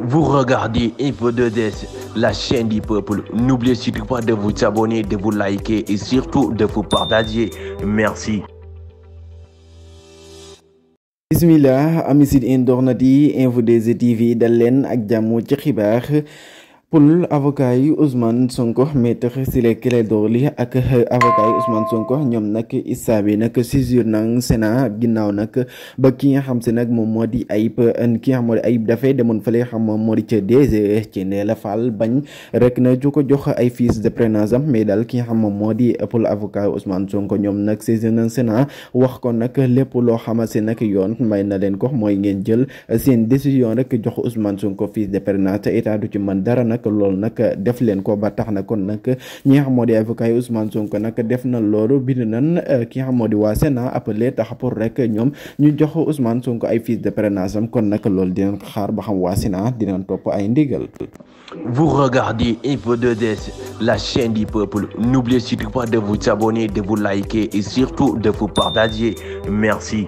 vous regardez Info 2S, la chaîne du peuple. N'oubliez surtout pas de vous abonner, de vous liker et surtout de vous partager. Merci. bismillah amisid indornati Info 2S TV Dalen, leen ak jàmm pour avocat yi Ousmane Sonko maître Ciré Clédor Ly ak avocat yi Ousmane ñoom nag issa bi nag saisir nag Sénat ginnaaw nag ba ki nga xam si nag moom moo di Ayib ki nga xam moo di Ayib dafay demoon fële xam moo di ca DG ci ne la faal bañ rek na ju ko jox ay fiches de parrainage daal ki nga xam moom moo di pour avocat yi Ousmane Sonko ñoom nag saisir na Sénat wax ko nag lépp loo xamante nag yoon may na leen ko mooy ngeen jël seen décision rek jox Ousmane Sonko fiches de parrainage du ci mën dara nag. nag loolu nak def len ko ba tax na kon nak ñi nga xam moo avocat Ousmane Sonko nak def na lolu bind nan euh, ki nga xam moo Sénat appelé tax pour rek ñom ñu jox Ousmane Sonko ay fils de parrainage am kon nag di dinañ xaar ba xam waa Sénat top ay ndigal. Vous regardez Info de la chaîne du peuple. N'oubliez surtout pas de vous abonner, de vous liker et surtout de vous partager. Merci.